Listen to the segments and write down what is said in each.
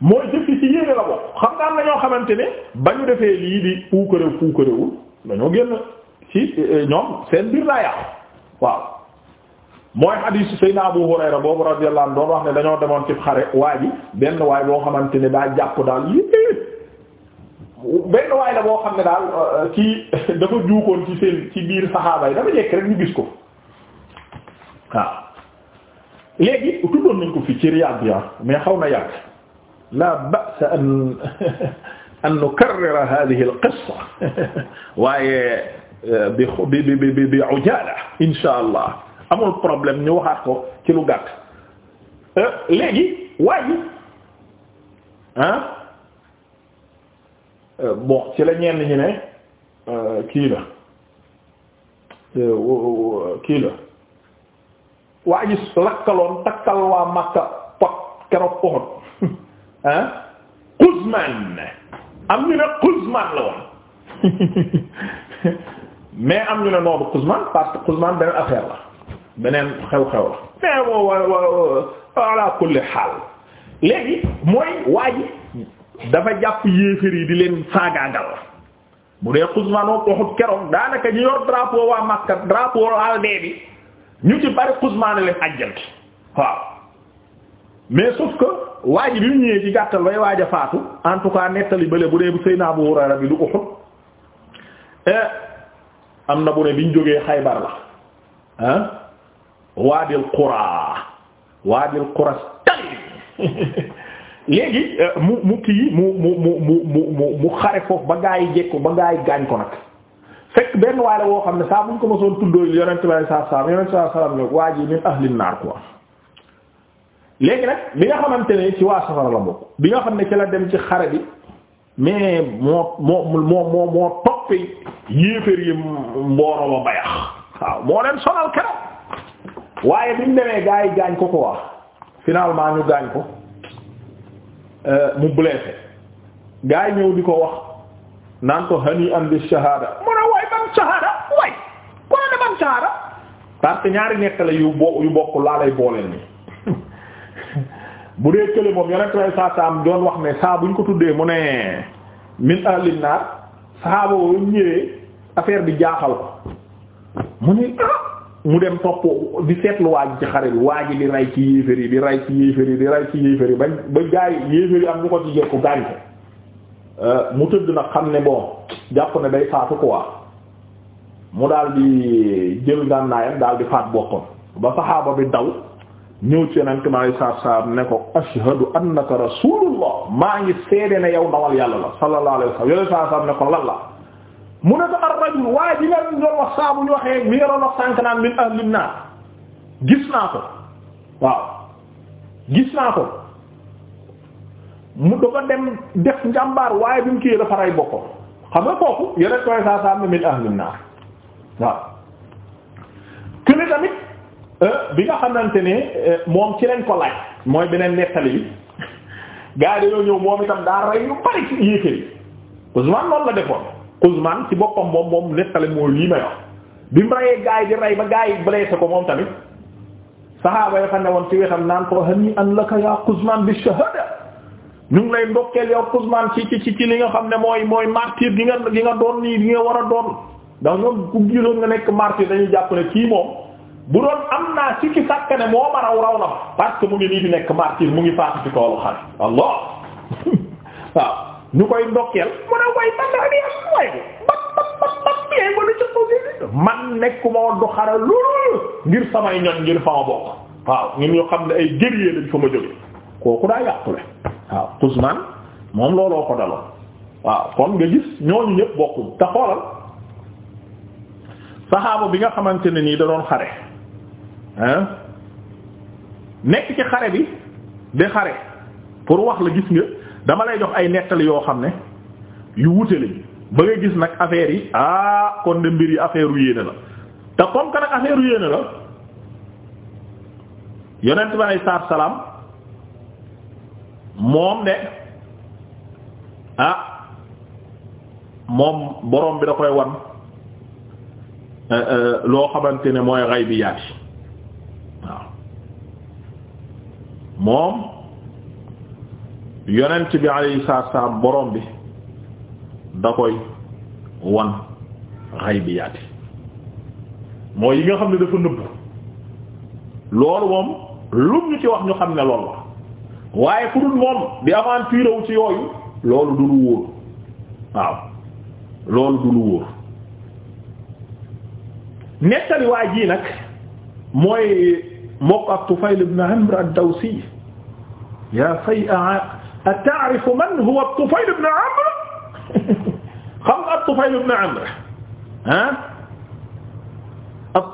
mooy jëf ci yéene la bokk xam nga am na ñoo xamante ne ba ñu defee lii di puukarew puukarewul dañoo génn ci eh, ñoom seen biir laa yàqu waaw mooy hadiis Seydina Abu Hurayra boobu radiyallahu anhu doon wax ne dañoo demoon ci xare waa ji benn waay boo xamante ne daal jàpp daal eh. benn waay na boo xam ne daal euh, ci dafa juukoon ci seen ci biir saxaaba yi dafa jekk rek ñu gis ko waaw léegi tuddoon nañ ko fi ci Riyad bi ah, mais xaw na yàgg la ba'sa an an nukarrira hadhihi al-qissa waaye eh, bi bi bi bi ujaala insha allah amul problème ñu waxaat ko ci lu gàtt eh, léegi waaye ah eh, bon ci la ñenn ñi ne kii la kii la waa ji lakkaloon takkal waa Makka pot keroog Uhud ah Quzman am ñu ne Quzman la woon mais am ñu ne noodu Quzman parce que Quzman beneen affaire la beneen xew-xew la mais boo wa ala kulli xaal léegi mooy waa ji dafa jàpp yéefér yi di leen faagaagal bu dee Quzman oo waxut daanaka ñu yor drapeau waa Makka bi ñu ci bari Quzman leen ajjanti waaw mais sauf que waa bi mu ñëwee ci gàttal bay waaj a faatu en tout cas nettali bële bu dee bu Seydina Abu Hurayra bi du Uhud eh, am na bu ne biñ jógee Xaybar la ah Waadil Qura Waadil Qura tali léegi eh, mu mu kii mu mu mu mu mu mu xare foofu ba gaa yi jekko ba gaa yi gaañ ko nag fekk benn waale woo xam ne saa buñ ko mësoon tuddoo yonent bi sallallahu alayhi wasallam yonent bi sallallahu alayhi wasallam waa ji min ahlin naar quoi léegi nag bi nga xamante ne ci waa safara la bokk bi nga xam ne ci la dem ci xare bi mais moo moo moo moo moo toppee yéeféer yi mbooro ba bayax waaw moo leen sonal keroog waaye bi mu demee gaa yi gaañ ko ko wax finalement ñu gaañ ko euh, mu blessé gaa ñëw di ko wax naan ko hani an bi shahada mu ne waay ban shahada waay ko ne ban shahada parce ñaari nekk la yu bo yu bokk laa lay booleel nii bu dee kële moom yonent way saa saam doon wax ne saa buñ ko tuddee mu ne min ahlin naar sahaaba yu ñëwee affaire bi jaaxal ko mu ne ah, mu dem topp di seetlu waaj ci xare bi waa ji di rey ci yéefér yi di rey ci yéefér yi di rey ci yéefér yi ba gaay yéefér yi am ñu ko ci jekku gaañ ko euh, mu tëdd nag xam ne bon jàpp ne day faatu quoi mu daal di jël gànnaayam daal di faat boppam ba saxaaba bi daw ñëw ci yeneen tubaab yi saaf ne ko ashhadu annaka rasulullah maa ngi seede ne yow ndawal yàlla la sallallahu alayhi wasallam yooyu saaf saaf ne ko lan mu ne ko ar waaye ji doon wax saabu ñu waxee mi yoroon wax sànq naan min ahli naar gis naa ko waaw gis naa ko mu dafa dem def njàmbaar waaye bi mu kii dafa rey boppam xam nga kooku yore koy saaf saaf ne min ahli naar waaw. tamit. Euh, bi nga xamante ne euh, moom ci leen ko laaj mooy beneen nettali bi gaa yi dañoo ñëw moom itam daa rey yu bari ci yéeféer Usman noonu la defoon Usman ci boppam moom moom nettali mooy lii may wax bi mu reyee gaa yi di rey ba gaa yi blessé ko moom tamit saxaaba ya fa ne woon ci wetam naan ko hani an laka yaa Usman bi shahada ñu ngi lay ndokkeel yow Usman ci ci ci li nga xam ne mooy mooy martyr gi nga gi nga doon nii gi nga war a doon ndax ñoom ku gisoon nga nekk martyr dañuy jàpp ne kii bu doon am naa ci ki sàkk ne moo ma raw raw na parce que mu ngi nii di nekk martyr mu ngi faatu ci toolu xare allah waaw ñu koy ndokkeel mu ne way tàndax bi am way bat bat man nekkuma woon du xare loolu ngir samay ñoñ ngir fa ma bokk waaw ngeen ñoo xam ne ay guerrier lañ fa ma jóge kooku daa yàqule waaw Usman moom looloo ko daloon waaw kon nga gis ñooñu ñëpp bokkuñ te xoolal saxaaba bi nga xamante ne nii da doon xare ah nekk ci xare bi di xare pour wax la gis nga dama lay jox ay nettali yoo xam ne yu wuute lañ ba nga gis nag affaire yi ah kon de mbir yi affaire yu yéene la te comme que nag affaire yu la yonent bi aley salaatu salaam moom de ah moom borom bi da koy wan eh, eh, loo xamante ne mooy xaybiyaat yi moom yonent bi alayhi salaatu salaam borom bi da koy wan xaybiyaati mooy yi nga xam ne dafa nëbb loolu moom lum ñu ci wax ñu xam ne loolu la waaye ku dul moom di aventure wu ci yooyu loolu du lu wóor waaw loolu du wóor nettali jii nag mooy mook ak Tufayl ibn Amr ad-Dawsi yaa fay'a ata'rifu man huwa Tufayl ibn Amr xam nga Tufayl ibn Amr ah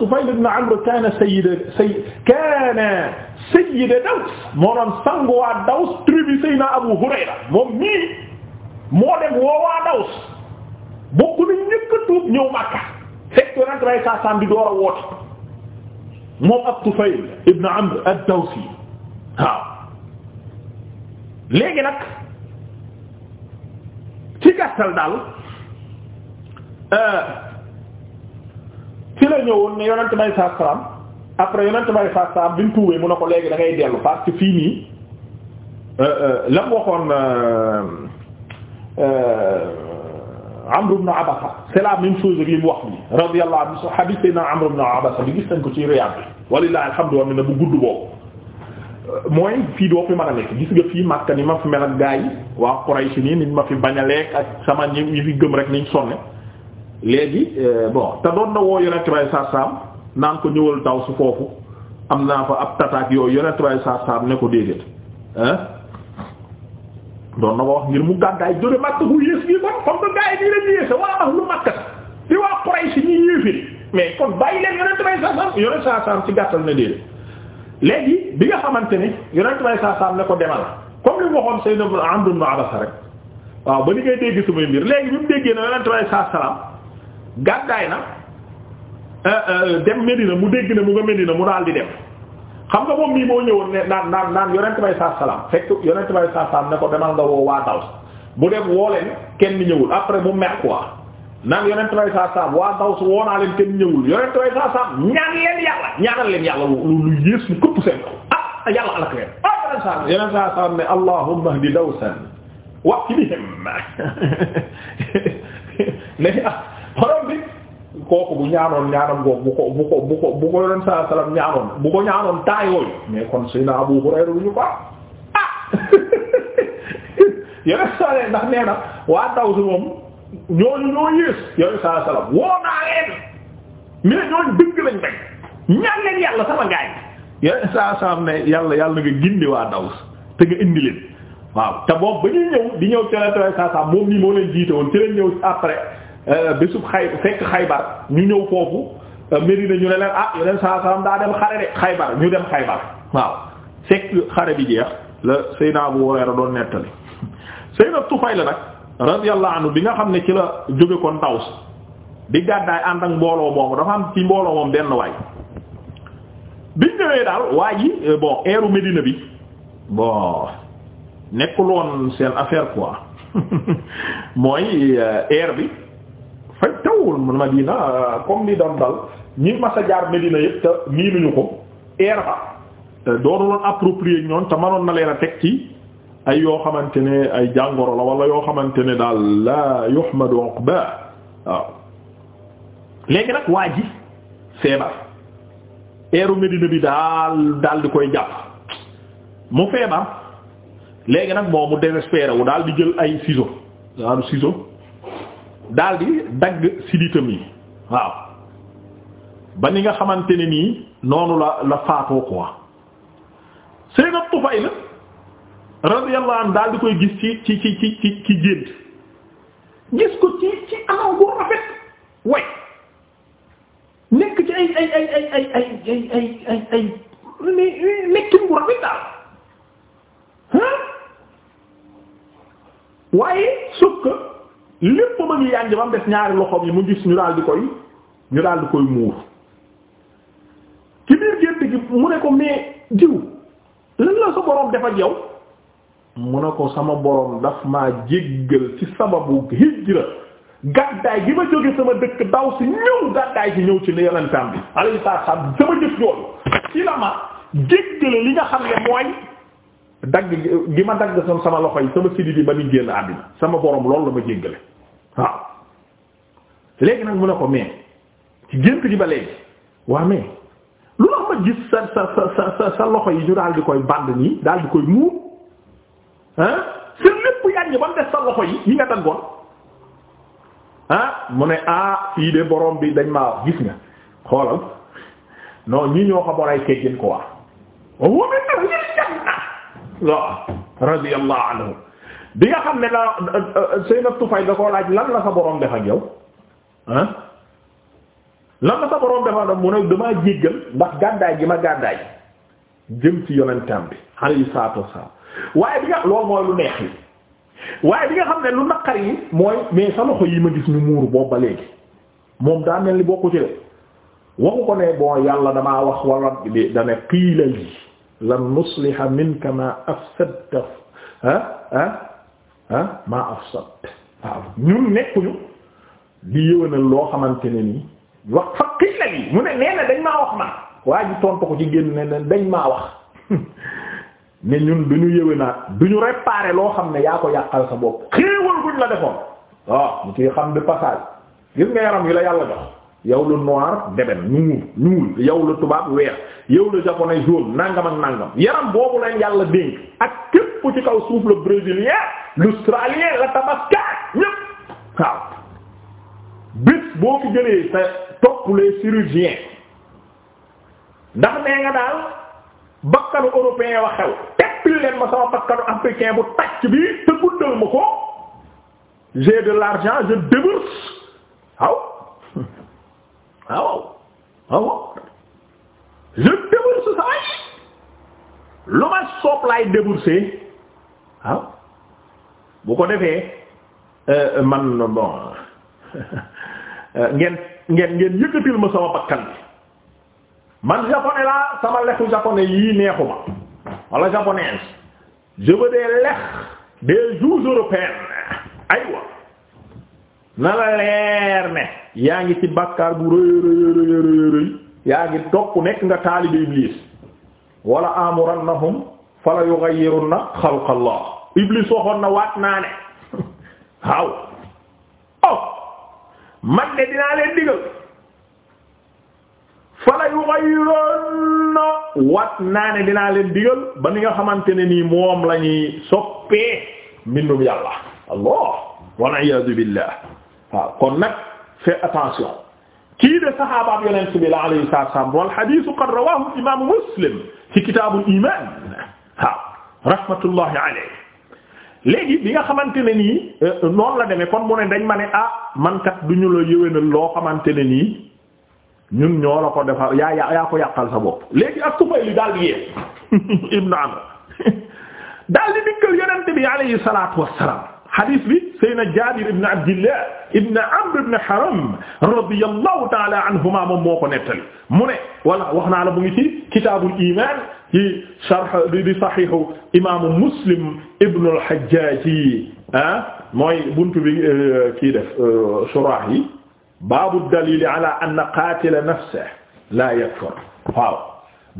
Tufayl ibn Amr kaana sayyid sayyid kaana sayyid Daws moo doon sangu waa Daws tribu Seydina Abu Hurayra moom mii moo dem woo waa Daws bokk na ñëkk a tuub ñëw Makka fekk Yonent bi sallallahu alayhi wa sallam di door a woote moom ab Tufayl ibn Amr ad-Dawsi waaw léegi nag ci gàttal daal ci la ñëwoon ne yonent may saa salaam après yonent may saa salaam bi mu tuubee mu ne ko léegi da ngay dellu parce que fii nii euh, euh, la Amr ibn Abasa c'est la même chose ak li mu wax nii radiyallahu anhu su hadith sayna Amr ibn Abasa bi gis nañ ko ci Riyad bi walillahi alhamdulillah bu gudd boobu mooy fii doo fi mën a nekk gis nga fii Makka ni ma fi mel ak gaa yi waa Quraysh nii niñ ma fi bañ a ak sama ñi ñi fi gëm rek niñ sonne léegi euh, bon te doon na woo yonent bay saa saam naan ko ñëwal daw su foofu am naa ko ab tataak yooyu yonent bay saa saam ne ko déedéet doon na ko wax ngir mu gàddaay jóge Makka bu yées gi kon comme que gars nii la yéese waa ahlu Makka di waa Quraysh ñi yéefiri mais kon bàyyi leen yonent bay saasaam yonent saasaam ci gàttal na déedéet léegi bi nga xamante ni yonent bay saasaam la ko demal comme li mu waxoon Seydina Amr ibn Abasa rek waaw ba ni ngay dégg samay mbir léegi bi mu déggee ne yonent bay saasaam gàddaay na euh, euh, dem Medina mu dégg ne mu nga Medina mu daal di dem. xam nga moom mii moo ñëwoon ne naan naan naan yonent bay saa salaam fekk yonent bay saa salaam ne ko demal nga woo waa Daws bu dem woo leen kenn ñëwul après mu mer quoi naan yonent bay saa salaam waa Daws woo naa leen kenn ñëwul yonent bay saa salaam ñaan leen yàlla ñaanal leen yàlla lu lu lu këpp seen ah yàlla alak leen ah yonent saa salaam ne allahumma ihdi Dawsan wa kilihim ne ah kooku bu ñaanoon ñaanam googu bu ko bu ko bu ko bu ko yoneen saa salaam ñaanoon bu ko ñaanoon taa yooyu mais kon Seydina Abu Hurayra du ñu ko ah yoneen saa leen ndax nee na waa taw si moom ñooñu ñoo yées yoneen saa salaam woo naa leen mais ñooñu dëgg lañ bañ ñaan leen yàlla sama gaay yoneen saa salaam ne yàlla yàlla nga gindi waa Daws te nga indi leen waaw te boobu ba ñuy ñëw di ñëw ci yoneen saa salaam moom nii moo leen jiite woon ci leen ñëw après. Euh, bésub xay fekk xaybar ñu ñëw foofu euh, Medina ñu ne leen ah yeneen saa salaam daa dem xare de xaybar ñu dem xaybar waaw fekk xare bi jeex la Seydina Abu Hurayra doon nettali Seydina Tufayl la nag radiyallahu anhu bi nga xam ne ci la jóge kon Taws di gàddaay ànd ak mbooloo moomu dafa am ci mbooloo moom benn waay biñ ñëwee daal waa ji euh, bon eeru Medina bi bon nekkuloon seen affaire quoi mooy air bi. faj tawul Madina comme li doon dal ñi mas a jaar Medina yëpp te miinuñu ko eer ba te doonu loon approprié ñoon te manoon na leen a teg ci ay yoo xamante ne ay jàngoro la wala yoo xamante ne daal la yuhmadu uqba waaw nag waa ji feebar eeru Medina bi daal daal di koy jàpp mu feebar léegi nag moo mu désespéré daal di jël ay ciseaux daal ciseaux daal di dagg siditam yi waaw ba ni nga xamante ne nii noonu la la faatoo quoi Sayyid Tufayl radiyallahu anhu daal di koy gis ci ci ci ci ci ci gént gis ko ci ci anam bu rafet way nekk ci ay ay ay ay ay ay ay nekkin bu rafet daal ah waaye sukk lépp ma ngi yànj ba def ñaari loxoom yi mu gis ñu daal di koy ñu daal koy muur ci biir gént gi mu ne ko mais diw lan la sa boroom def ak yow mu ne ko sama boroom daf maa jéggal ci sababu hijra gàddaay gi ma jóge sama dëkk daw si ñëw gàddaay si ñëw ci ne yonentam bi alayhi sama jëf jooju ci la ma jéggale li nga xam ne mooy dagg gi ma dagg sama sama loxo yi sama siddi bi ba ni génn àddina sama borom loolu la ma jéggale waaw léegi nag mu ne ko mais ci gént gi ba léegi waa mais lu la ma gis sa sa sa sa sa loxo yi ñu daal di koy band nii daal di koy muur ah si lépp yàññ ba mu def sa loxo yi yi nga daggoon ah mu ne ah fii de boroom bi dañ maa gis nga xoolal non ñi ñoo xamoon ay teggin ko wax. waaw radiyallahu anhu bi nga xam ne la Sayyidatu Tufayl da koo laaj lan la sa borom def ak yow ah lan la sa borom def ak mu ne damaa jéggal ndax gàddaay gi ma gàddaay jëm ci yonentam bi alayhi salaatu wassalaam waaye bi nga loolu mooy lu neex yi waaye bi nga xam ne lu naqar yi mooy mais sa loxo yi ma gis ñu muuru boobu ba léegi moom daa mel ni bokku ci de waxu ko ne bon yàlla damaa wax wala da ne xiilal yi lan nusliha minka ma afsadta ah ah ah maa afsadt waaw ñun nekkuñu di yëwénal loo xamante ne nii wax fa xilla mu ne nee dañ maa wax man waa ji tontu ko ci génn ne dañ maa wax ne ñun du ñu yëwénaat du ñu réparer loo xam ne yaa ko yàqal sa bopp xéewal guñ la defoon waaw ñu ciy xam de passage gis nga yaram yi la yàlla jox yow la noir deben ñuul ñuul yow la tubaab weex yow la japonais jaune nangam ak nangam yaram boobu lañ yàlla dénk ak képp ci kaw suuf la brésilien l'australien la tabaskan ñépp waaw bis boo fi jëlee sa topp les chirurgiens ndax nee nga daal bakkanu européen wa xew teppil leen ma sama bakkanu africain bu tàcc bi te guddal ma ko j'ai de l'argent je débourse waaw Ah waaw ah waaw je débourse ça lu ma soob laay débourser waaw ah. bu ko defee euh, man bon euh, ngeen ngeen ngeen yëkkatil ma sama bakkan bi man japonais laa sama lexu japonais yii neexuma wala japonaise je veux lex des jours européens aywa na la leer ne yaa ngi ci bàkkaar bu rëy rëy rëy rëy yaa ngi topp nekk nga taalibe Iblis wala amurannahum fala yughayyirunna xalqallah Iblis waxoon na waat naa ne waaw oh man de dinaa leen digal fala yughayyirunna waat naa ne dinaa leen digal ba ni nga xamante ne nii moom la ñuy soppee mbindum yàlla allah wal iyaazu billah waaw kon nag fais attention kii de saxaabaab yonent bi la alayhi salaam wal hadiis qad rawaahu al-imaam Muslim fi kitaabul iimaan waaw rahmatullahi alayhi léegi bi nga xamante ne nii euh, euh, noonu la demee kon mu ne dañ ma ne ah man kat du ñu la yéwénal loo xamante ne nii ñun ñoo la ko defar yaa yaa yaa ko yàqal sa bopp léegi ak Tufayl li daal di yee Ibn Amr daal di dikkal yonent bi alayhi salaatu wa salaam xadis bi Seydina Jaabir ibn Abdillah ibn Amr ibn Haram radiyallahu ta'ala anhuma moom moo ko nettali mu ne wala wax naa la mu ngi ci kitaabul iimaan ci sharh di sahihu imaamu Muslim ibn al-Hajjaj ah mooy buntu bi euh, kii def euh, surah yi baabu dalil ala anna qaatila nafsihi laa yakfur waaw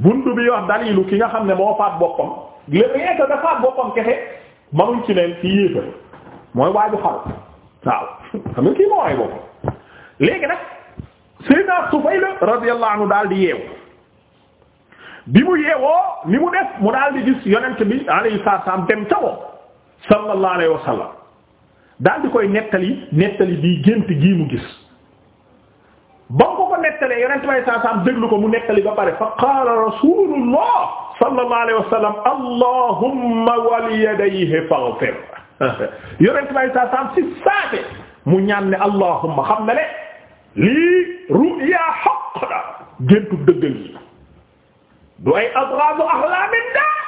buntu bi wax dalilu ki nga xam ne moo faat boppam le rien que dafa faat boppam kese mënuñ ci leen ci yéefar mooy waaju xaru waaw xam nga kii moo ay boobu léegi nag Seydina Sufayl radiyallahu anhu daal di yeewu bi mu yeewoo ni mu def mu daal di gis yonent bi alayhi salaam dem ca moom sallallahu alayhi daal di koy nettali nettali bii gént gii mu gis ba mu ko ko nettalee yonent bi salaam déglu ko mu nettali ba pare fa qaala rasulullah sallallahu alayhi wa sallam allahumma waliyadayhi faghfir yonent may saa saam si saate mu ñaan ne allahumma xam ne ne lii ru'ya haqq la géntu dëggal yi du ay adraabu ahlaamin daa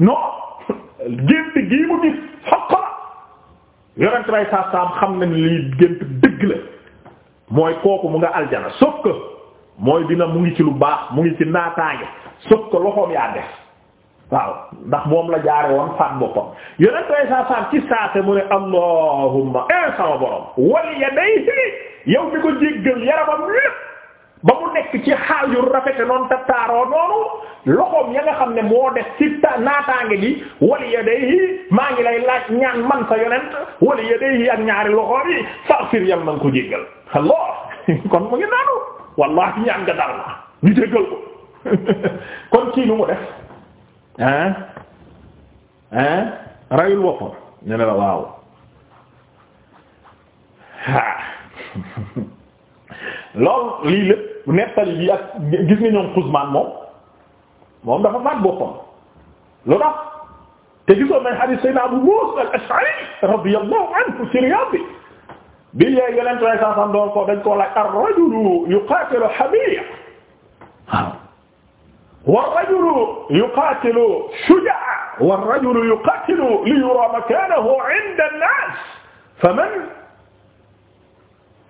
non gént gii mu gis haqq la yonent may saa saam xam ne ne lii gént dëgg la mooy kooku mu nga aljana sauf mooy dina mu ngi ci lu baax mu ngi ci naataange sauf que loxoom yaa def waaw ndax moom la jaare woon faat boppam yonent way saa faat ci saase mu ne allahumma ee eh, sama borom wal yadayhi yow mi ko jéggal yaramam lépp ba mu nekk ci xaal yu rafete noonu ta taaroo noonu loxoom ya nga xam ne moo def ci ta naataange gi wal yadayhi maa ngi lay laaj ñaan man sa yonent wal yadayhi ak ñaari loxoom yi faghfir yam nanga ko jéggal allah kon mu ngi naanu wallahi ñaan nga dal na ñu jéggal ko kon kii nu mu def hein hein rayul boppam ñu ne la waaw loolu lii lépp nettali moom moom dafa faat boppam lu tax te gisoon nañ hadiis Seydina Abu Muusaa al-Ash'ari radiyallahu anhu ci Riyaad bi bi yeey yeneen trois cent cent doon ko dañ koo laaj ar wa rajulu yuqaatilu shujaa wa rajulu yuqaatilu li yuraa makaanahu inda nnaas faman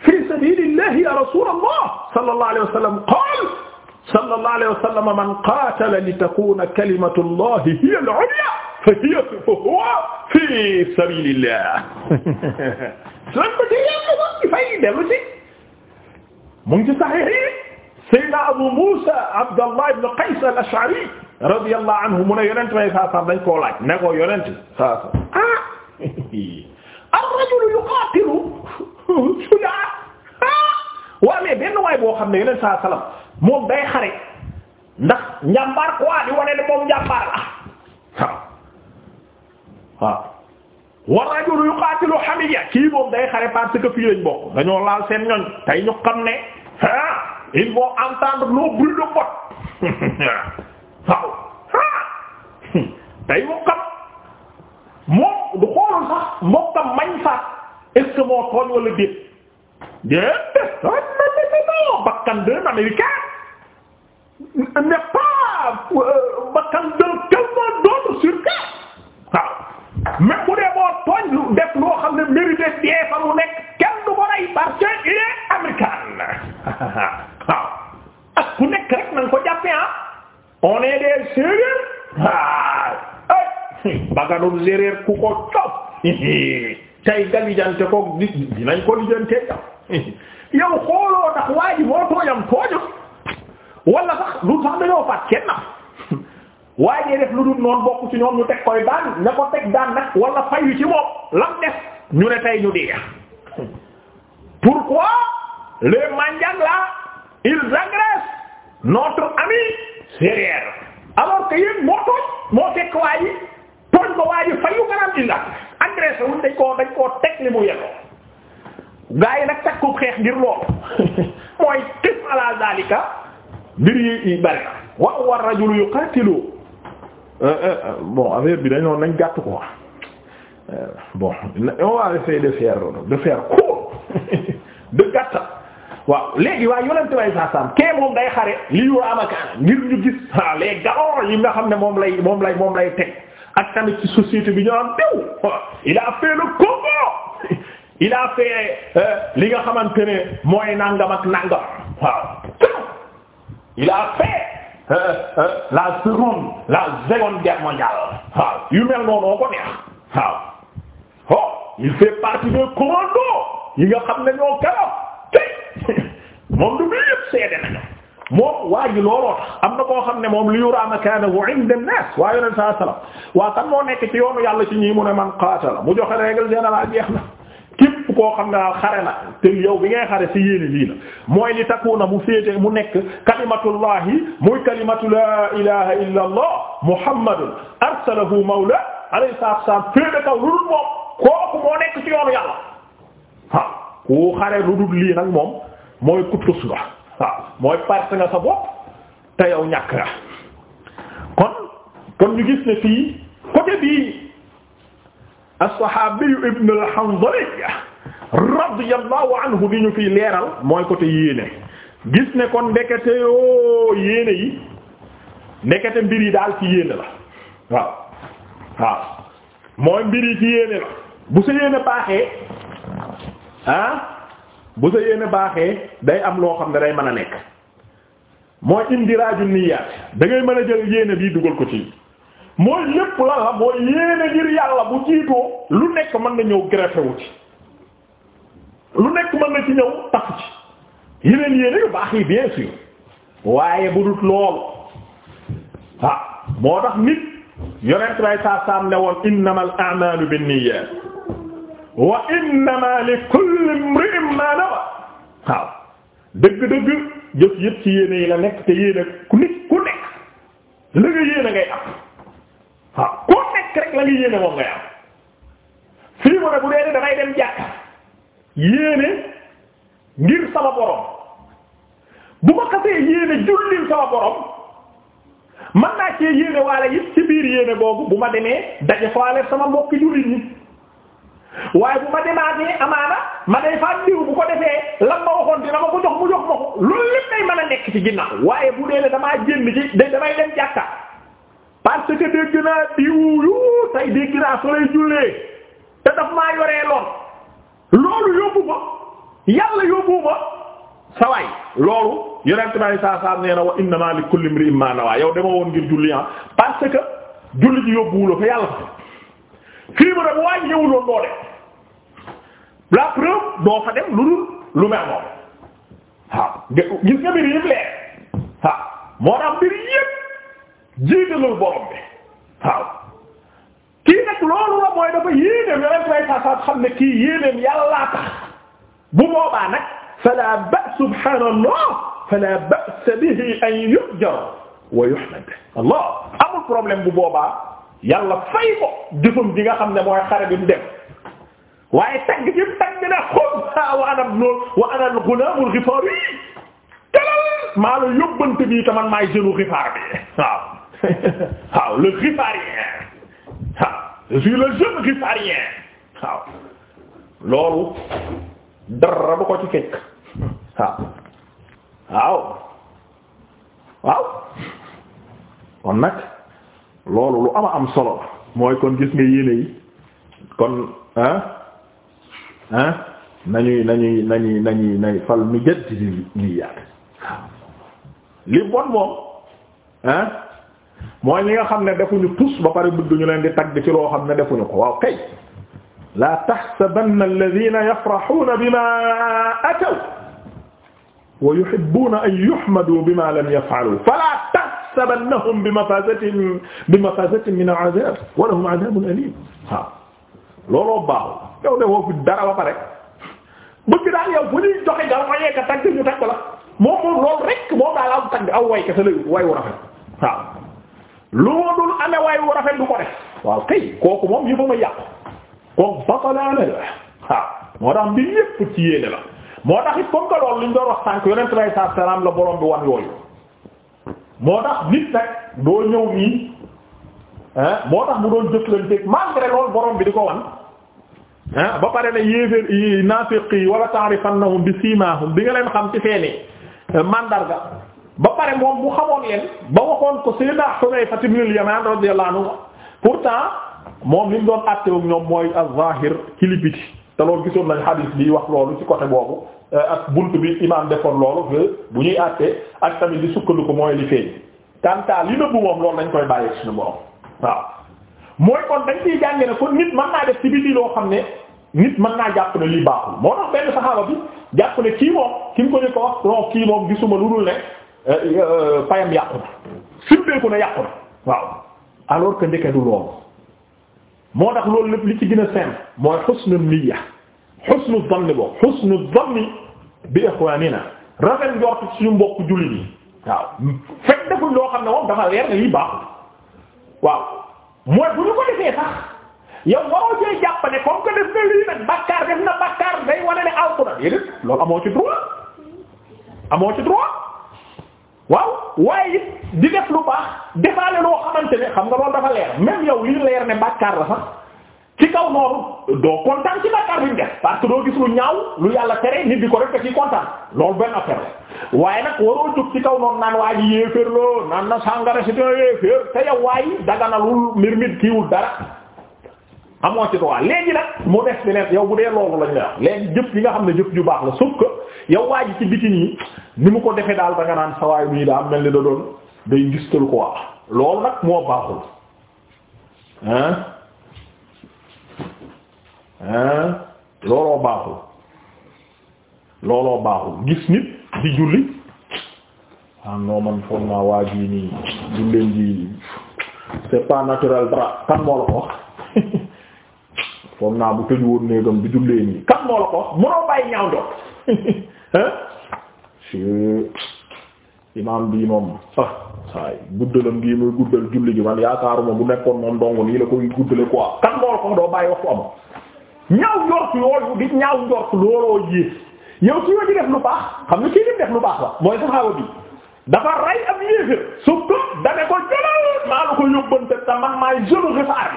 fi sabiilillahi ya rasuulallah sallallahu alayhi wa sallam qaala sallallahu alayhi wa sallam man qaatala litakuuna kalimatullahi hiya al-ulyaa fahiya fahuwa fi sabiilillah. lan ko ci yàlla ba fay dellu ci mu ngi ci saxiix yi Seydina Abu Musa Abdallah ibn Qays al-Ash'ari radiyallahu anhu mu ne yonent may saa saa dañ koo laaj ne ko yonent saa saa ah ar-rajulu yuqatilu shujaa ah. waaw mais benn waay boo xam ne yonent saa salaam moom day xare ndax njàmbaar quoi di wane ne moom njàmbaar la waaw waaw moom day xare parce que fii lañ dañoo laal seen ñoñ tey ñu xam ne. ils vont entendre nos bruits de bottes waaw ah. tey mokkam moom du xoolul sax mokkam mañ sax est moo tooñ wala déet déet ah, non bakkan d'un américain n'est pas euh, bakkan d'un quelqu'un d'autre sur terre waaw même bu dee moo tooñ def loo xam ne mérite dee fa lu nekk kenn du ko rey parce waaw ak ah, ku nekk rek nañ ko jàppee ah on est des séeréer waaw ay ah. baganum séeréer ku ko coob tey nga lijante ko dinañ ko lijante yow xooloo tax waa ji moo tooñam tooñu wala sax lu sax dañoo faat kenn waaye ñee def lu dul noonu bokk ci ñoom ñu teg koy daan ña ko teg daan nag wala fayu ci moom lam def ñu ne tey ñu dee pourquoi les mandiang là ils agressent notre ami sérère alors que moo tooñ moo fekk waa tooñ ko waa ji fayu garaam il agressé wuñ dañ dañ koo teg li mu yelloo gaa nag takku xeex ngir loolu mooy qis ala zalika mbir yi bari na waaw war rajul yuqatilu euh, euh, euh, bon affaire bi dañoon nañ gàtt quoi bon on va essayer de faire de faire court de gàttal waaw léegi waaye yonente way saa saam kee moom day xare li yu amakaana ngir ñu gis waaw ah les galons yi nga xam ne moom lay moom lay moom lay teg ak tamit ci société bi ñu am il a fait le Congo il a fait euh, li nga xamante ne mooy nangam ak nangam il a fait euh, euh, la seconde la seconde guerre mondiale waaw yu mel noonu ko neex oh, il fait partie des commandos yi nga xam ne ñoo keroog. moom du lépp seede nañu moom waa ji looloo tax am na koo xam ne moom li yura makanahu inda an-nas waa yoneen saa moo nekk ci yoonu yàlla ci ñi mu ne man qaatala mu joxe règle générale jeex na képp koo ne daal xare na te yow bi ngay xare ci yéene lii la mooy li takkuuna mu féete mu nekk kalimatullahi muy kalimatu la ilaha illa allah muhammadun arsalahu mawla alayhi salaatu wa salaam féete kaw lu dul moom kooku moo nekk ci yoonu yàlla waaw ku xare lu dul lii moom mooy kuttus nga waaw mooy parce nga sa bopp te yow ñàkk nga kon kon ñu gis ne fii côté bi as-sahabi ibn al anhu bi ñu fii leeral mooy côté yéene gis ne kon ndekete yoo yéene yi ndekete mbir yi daal ci yéene la waaw waaw mooy mbir yi ci yéene la bu sa yéene baaxee ah, bu sa yéene baaxee day am loo xam ne day mën a nekk mooy indiraaju niyaat da ngay mën a jël yéene bii dugal ko ci mooy lépp la la mooy yéene ngir yàlla bu jiitoo lu nekk mën na ñëw greffé wu ci lu nekk mën na ci ñëw tax ci yeneen yéene yu baax yi bien sûr waaye bu dut loolu ah moo tax nit yonent bay saa saam woon innamal a'malu binniyat wa innama li kulli imri'in ma nawa waaw dëgg-dëgg jëf yëpp ci yéene yi la nekk te yéene ku nit ku nekk la nga yéene ngay am waaw ku nekk rek la nga yéene moom ngay am fii mu bu dee damay dem jàkk yéene ngir sama borom bu ko xasee yéene jullil sama borom man naa cee yéene waale yëpp ci biir yéene boobu bu ma demee daje faale sama mbokki jullit ñi waaye bu ma demaatee amaana ma day faat diw bu ko defee la ma waxoon dina ma ko jox mu jox ma ko loolu lépp day mën a nekk ci ginnaaw waaye bu dee ne damaa jénn ci damay dem jàkka parce que dégg naa diw yu te daf maa yoree lool loolu yóbbu ma yàlla yóbbu ma sawaay loolu yonent bi saa saa nee na wa innamaa li kulli imri'in maa nawaa yow dama woon ngir julli ah parce que julli ji yóbbuwul fa yàlla fa fii ma ne bu waaj ñëwul woon doo dem la preuve doo fa dem lu dul lu mel noonu waaw gis nga mbir yëpp leer waaw moo tax mbir yëpp jiitalul borom bi waaw kii nag loolu la mooy dafa yéeneem yonent may façaat xam ne kii yéeneem yàllaa tax bu boobaa nag fala ba subhaanallah fala ba'sa bihi an yujar wa yuhmad allah amul problème bu boobaa yàlla fay ko jëfam nga xam ne mooy xare bi mu dem waaye tagg bi mu tagg na xubha wa ana ibnu wa al-ghulaamul ghifaar yi talal la yóbbante bi taman maay jënu ghifaar bi waaw waaw le ghifaarien waaw je suis le jeune ghifaarien waaw loolu dara ko ci fekk waaw waaw waaw kon loolu lu ama am solo la mooy kon gis nga yéene yi kon ah ah nañuy nañuy nañuy nañuy nañ fal mi jët di nii yaat li bon moom ah mooy li nga xam ne defuñu tus ba pare bëgg ñu leen di tagg ci loo xam ne defuñu ko waaw kay la taxsabanna alladina yafraxuuna bima ataw wa yuhibbuuna an yuhmadu bima lam yaf'alu fala tahsabannahum bi mafazatin bi mafazatin min al'azab wa lahum 'adhabun alim waaw looloo baaxul yow de woo dara ba pare bëgg daal yow bu ñuy joxe nga ma yegg a tagg ñu tagg la moom moom loolu rek moom daal am tagg aw way rafet waaw lu ma dul amee way rafet du ko def waaw kooku moom yëpp a ma yàqu kooku batalaane la waaw moo tax mbir yépp ci yéene la moo tax it comme que loolu liñ doon wax sànk yonent bi sallallahu la borom bi wan yooyu. moo tax nit nag doo ñëw nii moo tax bu doon jëflanteeg malgré loolu borom bi di ko wan ah ba pare ne yéeféer naafiq yi wala ta'rifannahum bi siimaahum di nga leen xam ci seeni euh, mandarga ba pare moom bu xamoon leen ba waxoon ko sayyida Hudayfa ibn al-Yaman radiyallahu pour pourtant moom li mu doon àtteewul ñoom mooy az-zahir ci li te loolu gisoon nañ hadith bi wax loolu ci côté boobu Euh, ak buntu bi imaam defoon loolu que bu ñuy àttee ak tamit di sukkandiku mooy li feeñ kantaa li nëbbu moom loolu dañ koy bàyyi suñu borom waaw mooy kon dañ ciy jànge ne kon nit mën naa def ci biti loo xam ne nit mën naa jàpp ne lii baaxul moo tax benn saxaaba bi jàpp ne kii moom ki mu ko ñu wax non kii moom gisuma lu dul ne euh, euh, payam yàqu na simpeeku na yàqu na waaw alors que ndeke du loolu moo tax loolu lépp li ci gën a mooy xusnu niyya xusnu zanni bi ikhwanina rafet njort suñu mbokk jullit yi waaw fekk defuñ loo xam ne moom dafa leer ne lii baaxul waaw mooy bu ko defee sax yow waroo cee jàpp ne comme def na lii nag bakkaar def na bakkaar day wane ne alku na yéen loolu amoo ci droit amoo ci droit waaw waaye it di def lu baax defaale loo xamante ne xam nga loolu dafa leer même yow lii leer ne bakkaar la sax. ci kaw noonu doo kontaan ci bàkkaar buñ def parce que doo gis lu ñaaw lu yàlla tere nit di ko rek ci kontaan loolu benn affaire waaye nag waroo jóg ci kaw noonu naan waa ji yéeféer naan na sàngara c'est un yéeféer te waaye daganalul mbir mi kiiwul dara ci droit léegi nag mu def yow bu dee loolu lañ lay wax yi nga xam ne jëf ju baax la sauf que yow waa ji ci bitin yi ni mu ko defee daal da nga naan sawaay bii daa mel ni da doon day ngistal ko quoi loolu moo baaxul ah. looloo baaxul looloo baaxul gis nit di julli ah non man foog naa waa ji nii julleen ji c'est pas naturel dara kan moo la ko wax foog naa bu tëju woon néegam di jullee nii kan moo la ko wax munoo bàyyi ñaaw doon hein ci imaam bii moom ah saay guddalam gii muy guddal julli gi man yaakaaruma bu nekkoon moom dong nii la koy guddale quoi kan moo la ko doo bàyyi wax ko am ñaaw njort loolu di ñaaw njort looloo yées yow def lu baax xam nga kii di def lu baax la mooy saxaaba bi dafa rey ab yéefér suuf ko dane ko jëlal maa la ko yóbbante te man maay jëlu xifaar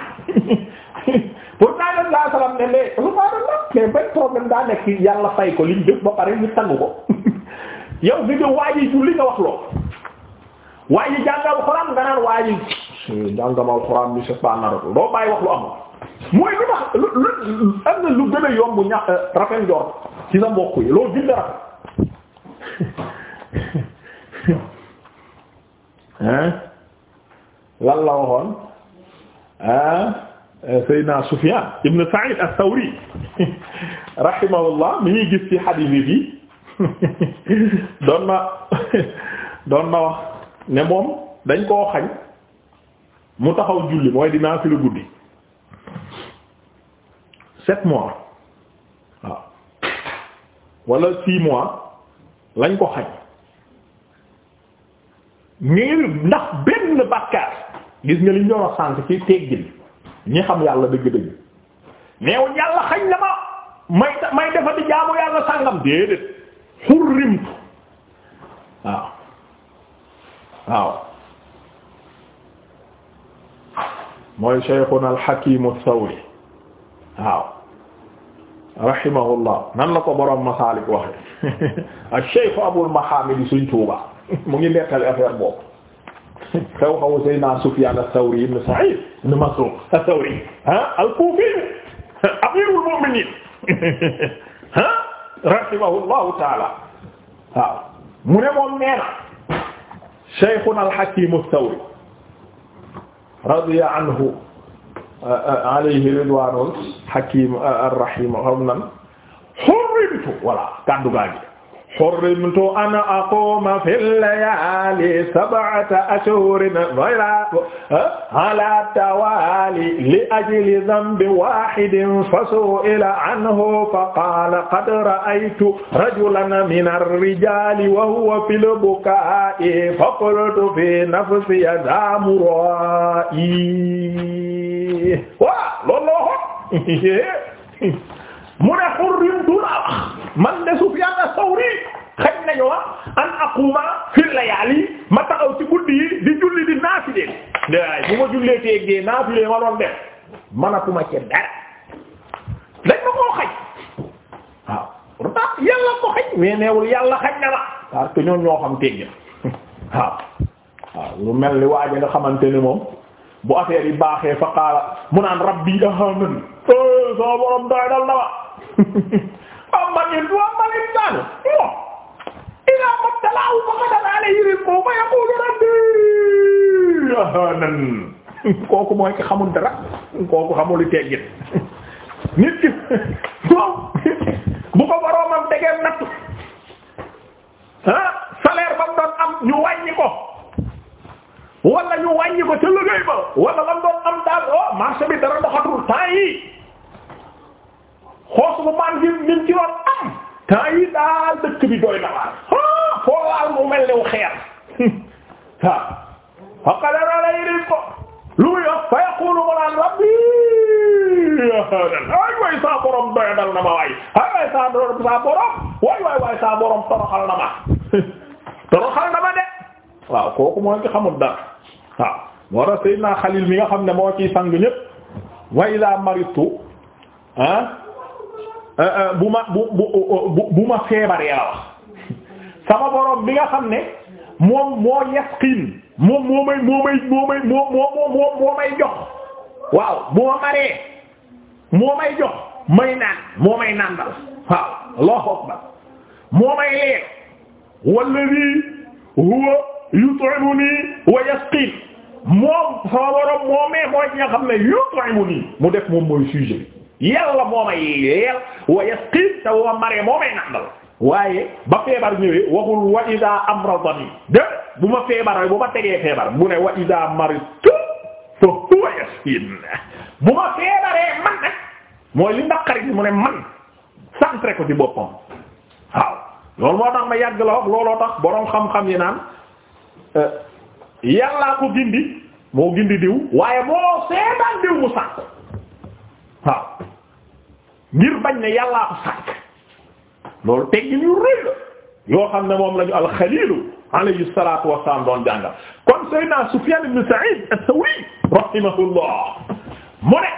pour naa dem laa salam ne mais subhaanallah mais benn problème daa nekk yàlla fay ko li def ba pare ñu tàng ko yow bi nga waaji ju li nga wax loo waaji jàngal xuraan nga naan waaji jàngamal xuraan bi c'est pas naratu doo bàyyi wax lu amul mooy lu tax lu lu am lu gën a yomb euh, sa mbokk yi loolu gën a rafet lan la waxoon ah Seydina Sufyan ibn Sa'id ath-Thawri mi ñuy gis ci xadiis bi doon na doon na wax ne moom dañ koo xañ mu taxaw julli mooy dinaa fi lu guddi sept mois waaw wala six mois lañ ko xañ ngir ndax benn bàkkaar gis nga liñ doon wax sant ci teggin ñi xam yàlla dëgg-dëgg neew yàlla xañ na ma may may di jaamu yàlla sàngam déedéet xurrimtu waaw waaw mooy Shaykhuna al-Hakim ath waaw rahimahullah nan la ko borom masaalik waxe ash-shaykh abul mahamid suñ tuuba mu ngi nettali affaire boobu xew xaw sayna sufyan ath-thawri ibn sa'id ibn masruq ath-thawri ha al-kufi amirul mu'minin ha rahimahullahu ta'ala waaw mu ne moom nee na shaykhuna al-hakim ath-thawri radiya anhu alayhi ridwaanul hakiim ar-rahiim xam nan xurrimtu voilà kaddu gaa gi xurrimtu an aquma fi layali sab'ata ashhurin ghayra ala tawali li ajli dhanbin wahidin fasu'ila anhu faqala qad ra'aytu rajulan min ar-rijali wa huwa fil buka'i faqultu fi nafsi hadha mura'i wa loolu mu ne hurrimtu la wax man de Sufyaan as-Sawri xëy nañu wax an aquma fil layaali ma taxaw ci guddi yi di julli di naafile daay bu ma jullee teeg dee ma doon def manatuma ci dara dañ ma koo xaj waaw yàlla ko xaj mais neewul yàlla xaj na ma parce ñoom ñoo xam teggin waaw waaw mel ni waa ji nga xamante ni moom bu affaire yi baaxee fa qaala mu naan rabbi ahanan eh, sama borom doy dal na wa amma in amma al-insanu idha mabtalahu fa qadara alayhi rizquhu fa yaqulu rabbi ahanan kooku mooy ki xamul dara kooku xamul li teggin nit ki bu ko boroomam tegee natt ah salaire ba doon am ñu wàññi ko wala ñu wàññi ko ca liggéey ba wala doon am daal oh marché dara doxatul temps yi xoos bu maan gi lim ci doon am temps yi bi doy na waar ah foo laal mu mel ne xeer waaw faqadara lay rizqo lu muy wax fa yaqulu mu naan rabbi ay waay saa borom doyadal na ma waay ay waay saa borom saa borom waay waay waay saa borom na ma toroxal na ma de waaw kooku moo ci xamul dara waaw moo tax Seydina Xalil mi nga xam ne moo ciy sang ñépp wa ila maritu ah Euh, euh, bu ma bu bu bu ma feebaree la wax bi nga xam ne moom moo yasqin moom moo may moo may moo may moo moo moo moo may jox may naan moo may nàndal waaw Allahu akbar moo may leer walladhi huwa yut'imuni wa yasqin moom sama moo may mooy nga xam ne yut'imuni mu def moom mooy sujet yàlla moomay yeel wa yasqi te wa maree moomay nandal waaye ba feebar ñëwee waxul wa idaa amradani de bu ma feebar bu ma tegee feebar bu ma feebaree man nag mooy li naqari mu ne man centré ko ci boppam waaw loolu moo tax ma yàgg la wax looloo tax boroom xam-xam yi naan euh, yàllaa ko gindi moo gindi diw waaye moo seetaan diw mu sànk waaw ngir bañ ne yàllaa ko sàkk loolu teggin yu rëy la yoo xam ne moom lañu alxalilu alayhi salaatu wasalaam doon kon Seydina Sufyan ibn Sa'id as-Sawi rahimahullah mu ne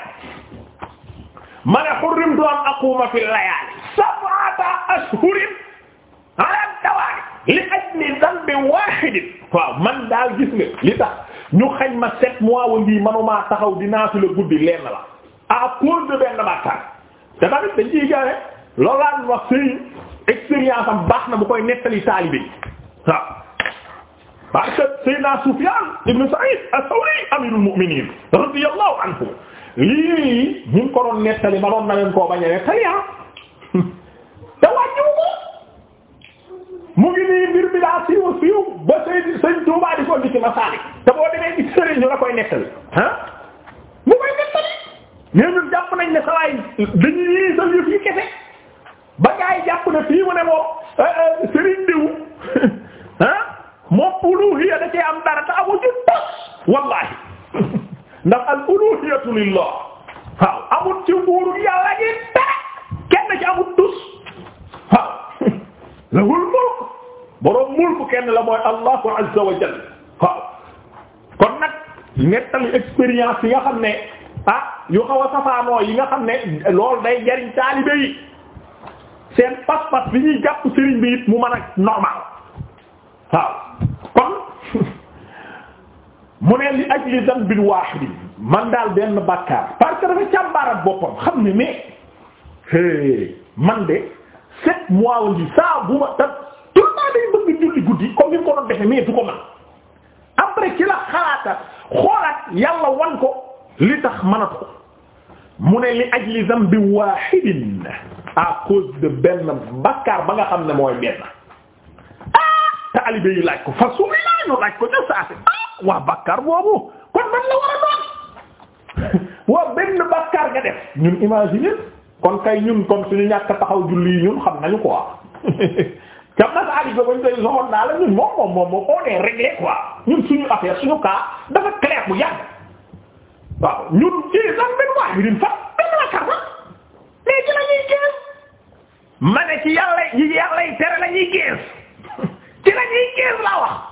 ma ne hurrimtu an aquma fi layaali sab'ata ashhurin ala dawaam li ajli dhanbin waahidin man daal gis li tax ñu xañ ma sept mois wa ngi manumaa taxaw dinaa fi guddi lenn la à cause de te tamit dañ ciy gaare loolu laa wax sëriñ expérience am baax na bu koy nettali taalibe yi waaw parce que Seydina Sufyan ibn Sa'id as-Sawri amirul mu'minin radiyallahu anhu lii ñu ngi ko doon nettali ma doon na leen koo bañ a nettali ah te wàññiwu ko mu ngi nii mbir bi daa siiw siiw ba Seydina Sëriñ Tuubaa di ko indi ci Masaalik te boo demee ci sëriñ ñu la koy nettali ah mu koy nettali mais ñun jàpp nañ ne sawaay dañuy yéesal yëf kese ba gaa yi jàpp fii mu ne moom eh, eh, Serigne diw ah moom uluhiyya da cee am dara te amu ci tos wallahi ndax al uluhiyatu lillah waaw amul ci nguuru yàlla gi dara kenn ci amul tus waaw lahul mulk borom mulk kenn la mooy Allahu azza wa jalla waaw kon nag nettali expérience yi nga xam ne. ah yu xaw a safaanoo yi nga xam ne lool day jariñ taalibe yi seen pas-pas bi ñuy jàpp sëriñ bi it mu mën a normal waaw kon mu ne li ajli dambin waahid man daal benn bàkkaar parce que dafa càmbaarat boppam xam ne mais é man de sept mois li saa bu ma ta day bëgg julli guddi comme ni mu ko doon mais du ko man après ci la xalaata xoolaat yàlla wan ko li tax mënatu ko mu ne li ajli zambi wahidin à cause de benn bakkaar ba nga xam ne mooy benn ah taalibe yi laaj ko fa suuli laa ñu laaj ko ca saasi ah waa bakkaar kon man la war a waa benn bakkaar nga def ñun kon kay ñun kon suñu ñàkk taxaw julli yi ñun xam nañu quoi jam na sa aliba bañ koy soxoon naa la ñun moom moom moom moom on est réglé quoi ñun suñu affaire suñu cas dafa clair bu yàgg waaw ñun ci lan benn waahidin fa benn wakkar sax mais la ñuy gees ma ne ci yàlla yi yàlla yi tere la ñuy gees ci la ñuy gees laa